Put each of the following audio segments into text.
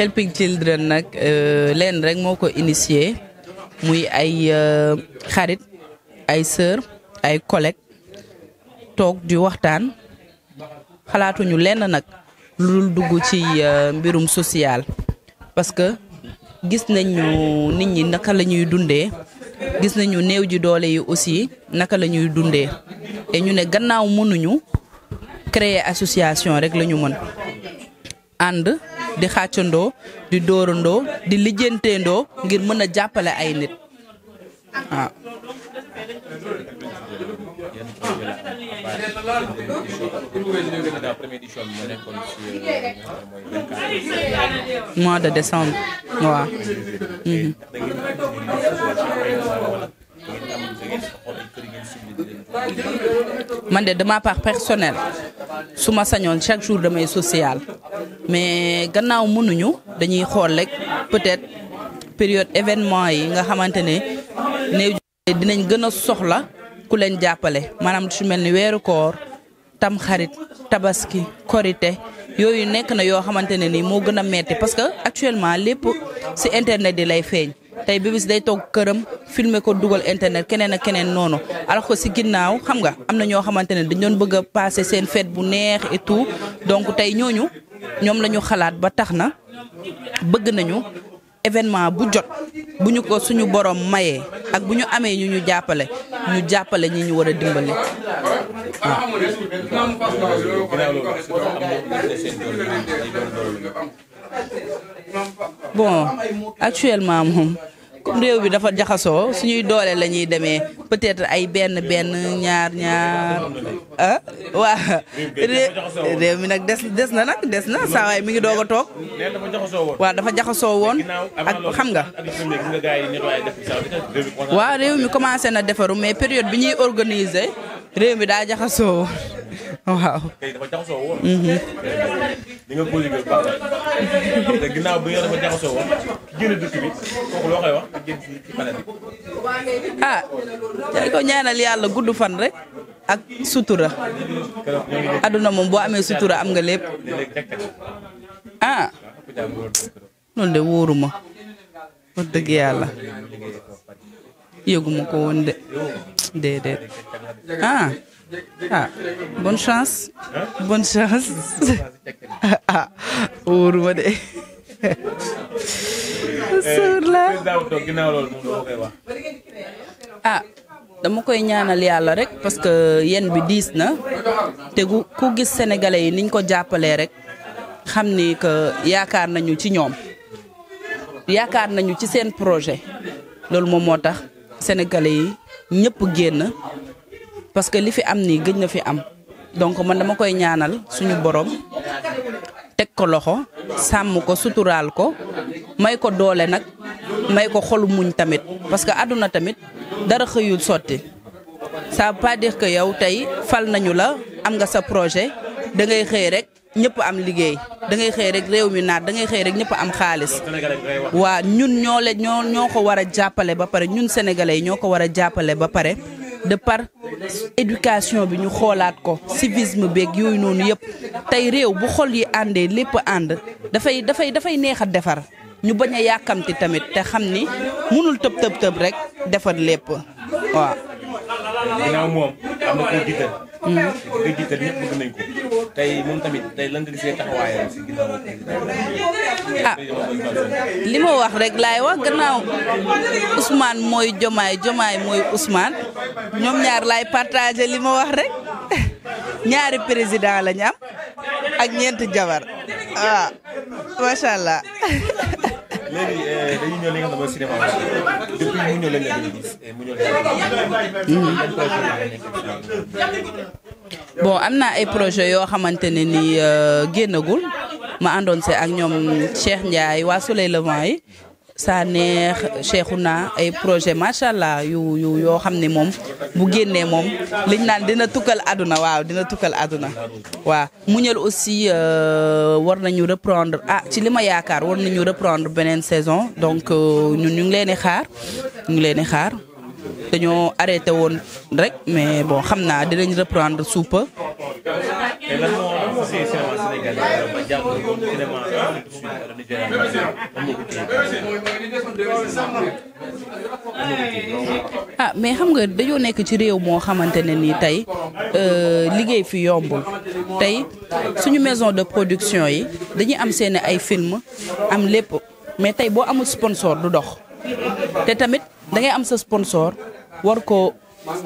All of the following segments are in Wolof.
Helping Children nag euh, leen rek moo ko initié muy ay euh, xarit ay sœur ay collègue toog di waxtaan xalaatuñu lenn nag lu dul dugg ci euh, mbirum social parce que gis nañu nit ñi naka la ñuy dundee gis nañu néew ji doole yi aussi naka la ñuy dundee te ñu ne gannaaw mënuñu créer association rek la ñu mën ànd di xàccandoo di dorundo di lijjanteendoo ngir mën a ay nit waaw. mois de décembre waaw. Mhm. man de de ma part personnelle su ma chaque jour mes social mais gannaaw mënuñu dañuy xool rek peut-être période événement yi nga xamante ne dinañ gën a soxla ku leen jàppale maanaam su mel ni weeru koor tamxarit tabaski korite yooyu nekk na yoo xamante ne ni moo gën a metti parce que actuellement lépp ci internet yi lay feeñ tey bébis day toog këram filmer ko dugal internet keneen ak keneen noonu alors si ci ginnaaw xam nga am na ñoo xamante ne dañ doon bëgg a passer seen fête bu neex et tout donc tey ñooñu ñoom lañu xalaat ba tax na bëgg nañu événement bu jot bu ñu ko suñu borom mayee ak bu ñu amee ñu ñu jàppale ñu jàppale ñi ñu war a dimbali bon actuellement moom comme réew bi dafa jaxasoo suñuy doolee la ñuy demee peut-être ay benn benn ñaar ñaar ah waa réew mi nag des des na nag des na saa mi ngi doog a toog waaw dafa jaxasoo woon ak xam nga waaw réew mi commencé na defaru mais période bi ñuy organiser réew mi daa jaxasoo waaw kay mhm. wax ah dañ ñaanal yàlla gudd fan rek ak sutura. aduna moom boo amee sutura am nga lépp. ah loolu de wóoruma wax dëgg yàlla yëguma ko woon de déedéet ah. Ah, bonne chance. Hein? Bonne chance. ah, wóoruma de. Eh, suur la ah dama koy ñaanal yalla rek parce que yenn bi diis na te ku gis sénégalais yi niñ ko jappalé rek xamni que yaakaar nañu ci ñom yaakaar nañu ci sen projet lool mom motax sénégalais yi ñëpp génn. parce que li fi am nii gëj na fi am donc man dama koy ñaanal suñu borom teg ko loxo sàmm ko suturaal ko may ko doole nag may ko xolu muñ tamit parce que àdduna tamit dara xëyul sotti ça veut ko yow tey fal nañu la am nga sa projet da ngay xëy rek ñëpp am liggéey da ngay xëy rek réew mi naat da ngay xëy rek ñépp am xaalis waa ñun ñoo le ñoo ñoo ko war a jàppale ba pare ñun sénégalais yi ñoo ko war a jàppale ba pare de par bi ñu xoolaat ko civisme beeg yooyu noonu yëpp tey réew bu xol yi àndee lépp ànd dafay dafay dafay neex a defar ñu bañ a yàkkamti tamit te xam ni mënul tëb tëb tëb rek defar lépp waaw. Tay moom tamit tey lan nga gisee taxawaayam si ginnaaw ah li ma wax rek laay wax gannaaw Ousmane mooy Jomaay Jomaay mooy Ousmane ñoom ñaar laay partagé li wax rek ñaari président lañ am ak ñeenti jabar waaw macha allah. léegi dañuy ñëw li nga xam cinéma depuis mu ñëw la nga gis mu ñëw la nga bon am naa ay projet yoo xamante ne nii euh, génnagul ma àndoon see ak ñoom Cheikh Ndiaye waa Soleil Levant yi saa neex Cheikhouna ay projet macha allah yu yu yoo xam ne moom bu génnee moom liñ naan dina tukkal àdduna waaw dina tukkal àdduna waaw muñal aussi euh, war nañu reprendre ah ci li ma yaakaar war nañu reprendre beneen saison donc euh, ñun ñu ngi leen di xaar ñu ngi leen di xaar dañoo arrêté woon rek mais bon xam naa dinañ reprendre sous peu. Ah, mais xam nga dañoo nekk ci réew moo xamante ne nii tey euh, liggéey fi yombul tey suñu maison de production yi dañuy am seeni ay film am lépp mais tey boo amul sponsor du dox te tamit da am sa sponsor. warko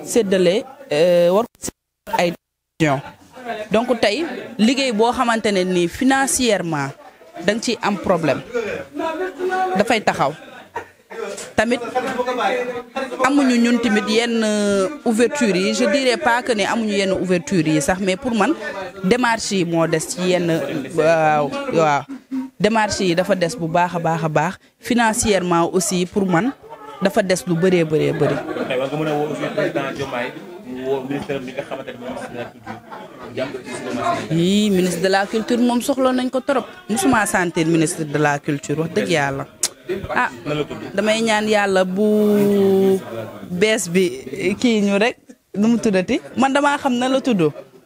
sédalé euh ay donc tay liguey bo xamante ni financièrement dang ci am problème fay taxaw tamit amuñu ñun tamit yenn euh, ouverture yi je dirais pas que né amuñu yenn ouverture yi sax mais pour man démarche mo dess des ci yenn waaw démarche yi dafa des bu baaxa baaxa baax financièrement aussi pour man dafa des lu bëree bëree bëri. ministre de la culture moom soxla nañ ko trop mosuma sentir ministre de la culture wax dëgg yàlla. ah damay ñaan yàlla bu bees bi kii ñu rek nu mu tuddati man damaa xam na la tudd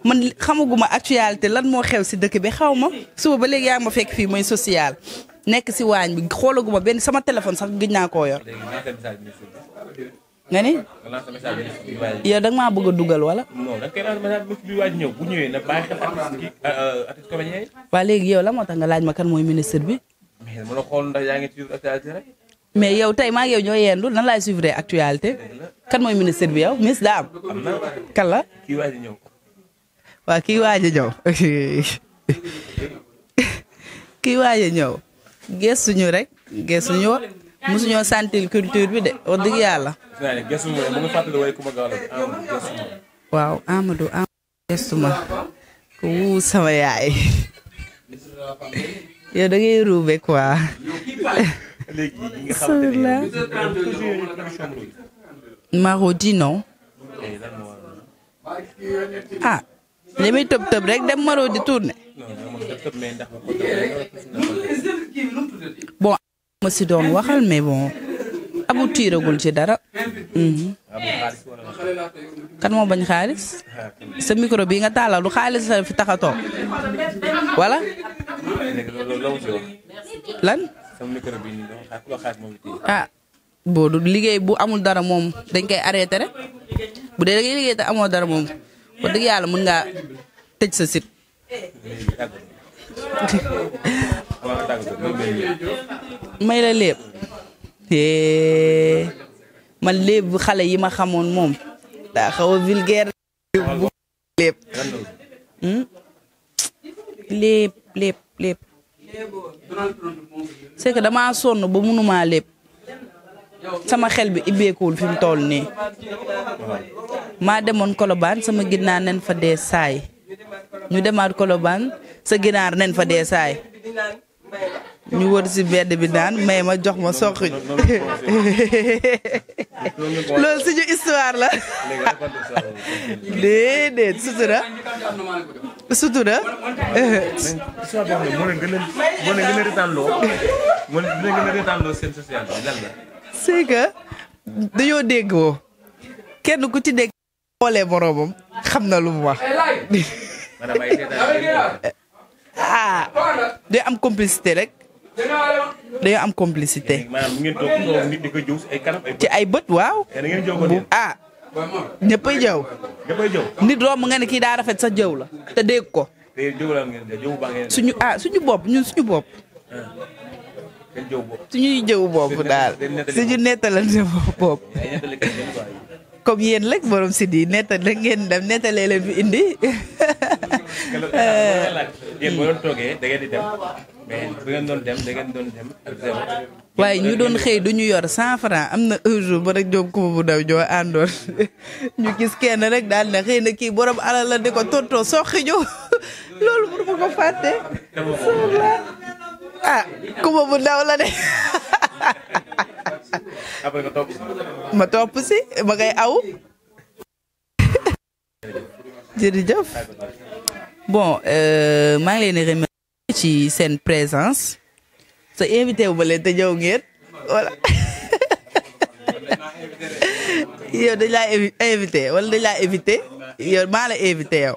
man xamaguma actualité lan moo xew si dëkk bi xaw ma suba ba léegi yaa ma fekk fii mooy social. nek ci wañ bi xoolaguma ben sama téléphone sax guñ na ko yor. nga ni. yow da nga maa bëgg a dugal wala. wa légui yow la moo nga laaj ma kan moy ministre bi. mais yow tay ma ak yow ñoy yendul nan lay suivre actualité. kan moy ministre bi yow miss daa am. kan la. waa ñew wa ki ñëw. ñew ki a ñew gëstuñu rek gëstuñu wa mosuñoo sentir culture bi de wax dëgg yàlla. waaw Amadou Amadou gëstu ma wuu sama yaay yow da ngay ruube quoi. Marodi non eh, ah. li muy tëb tëb rek dem maroo di tourné. bon ma si doon bon tiiragul ci dara. Mm-hmm. kan bañ xaalis micro bi nga taalal du xaalis fi tax wala lan ah boo liggéey bu amul dara moom dañ koy arrêté rek bu dee liggéey te amoo dara moom wax dëgg yàlla mën ngaa tëj sa site. may la léeb man léeb xale yi ma xamoon moom daa xaw a vulgaire bu hmm? léeb léeb léeb léeb damaa sonn ba mënumaa léeb sama xel bi ibbeekuwul fi mu toll ni ma demone koloban sama ginnar nen fa dé say ñu demaat koloban sa ginnar nen fa dé say ñu wër ci bédd bi daan may ma jox ma soqi lool suñu histoire la déedéet sutura sutura mo len gëna a moo leen gën a retaan loo moo leen gën a social dal la c'est que dañoo déggoo kenn ku ci dégg xoolee boromam xamna lu mu wax ah day am complicité rek day am complicité ci ay bët waaw ah ñëppay jëw nit rom nga ne ki da rafet sa jëw la te dégg ko suñu ah suñu bop ñun suñu bop suñuy jëw boobu daal suñu nettalante boobu comme yéen rek borom si di nettal rek dem nettalee leen fi indi. yéen boo doon ngeen dem mais bu ngeen dem waaye ñu doon xëy du ñu yor 100 francs am na un jour ba rek joom bu daw joo àndoon ñu gis kenn rek daal na xëy na kii borom alal di ko tontoo soxi ñu loolu mënu ma ko fàtte. ah kuma bu ndaw la de. après nga topp si. ma topp si ma ngay bon euh, maa ngi leen ci seen présence. sa invité wu ma leen te ñëw ngeen voilà. yow dañ invité wala dañ laa invité yow maa la invité yow.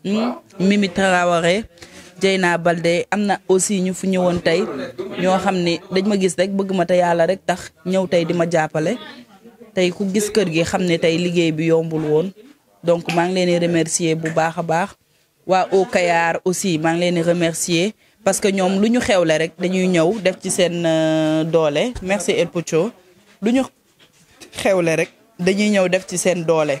Hmm? Mimi Traoré Dieyna Baldé am na aussi ñu fu ñëwoon tey ñoo xam ne dañ ma gis rek bëgg ma te yàlla rek tax ñëw tey di ma jàppale tey ku gis kër gi xam ne tey liggéey bi yombul woon donc maa ngi leen di remercier bu baax a baax waa au Kayar aussi maa ngi leen di remercier parce que ñoom lu ñu xewle rek dañuy ñëw def ci seen euh, doole merci El Pocho lu ñu xewle rek dañuy ñëw def ci seen doole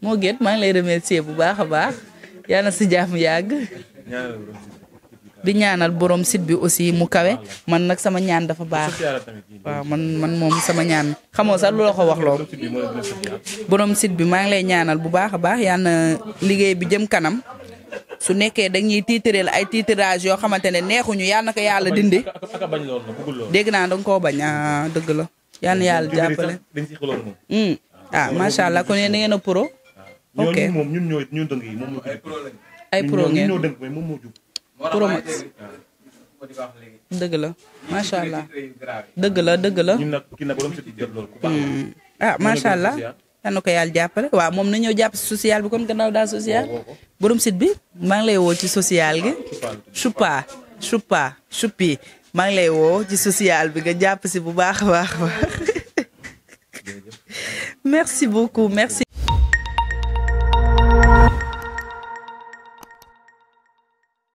moo gét maa ngi lay remercier bu baax a baax yal na si jàmm yàgg. di ñaanal borom site bi aussi mu kawe man nag sama ñaan dafa baax waaw man man moom sama ñaan xamoo sax lu la ko wax loo borom site bi maa ngi lay ñaanal bu baax a baax yal na liggéey bi jëm kanam su nekkee dañuy tiitireel ay tiitirage yoo xamante ne neexuñu yal na ko yàlla dindi dégg naa danga koo bañ ah, dëgg la yal na yàlla jàppale hmm. ah macha allah kon yéen da a pro. ok ñooñu moom ñun ñoo ñun dëng yi moom moo ay pro ay pro ngeen ñoo dëng mais moom moo jub pro ma dëgg la macha allah dëgg la dëgg la ñun nag kii nag borom sëti jot loolu ku baax hmm. ah macha allah kan ko yàlla jàppale waaw moom na ñëw social bi kon gannaaw daal social borom site bi maa ngi lay woo ci social gi chupa chupa chupi maa ngi lay woo ci social bi nga jàpp si bu baax a baax baax merci beaucoup merci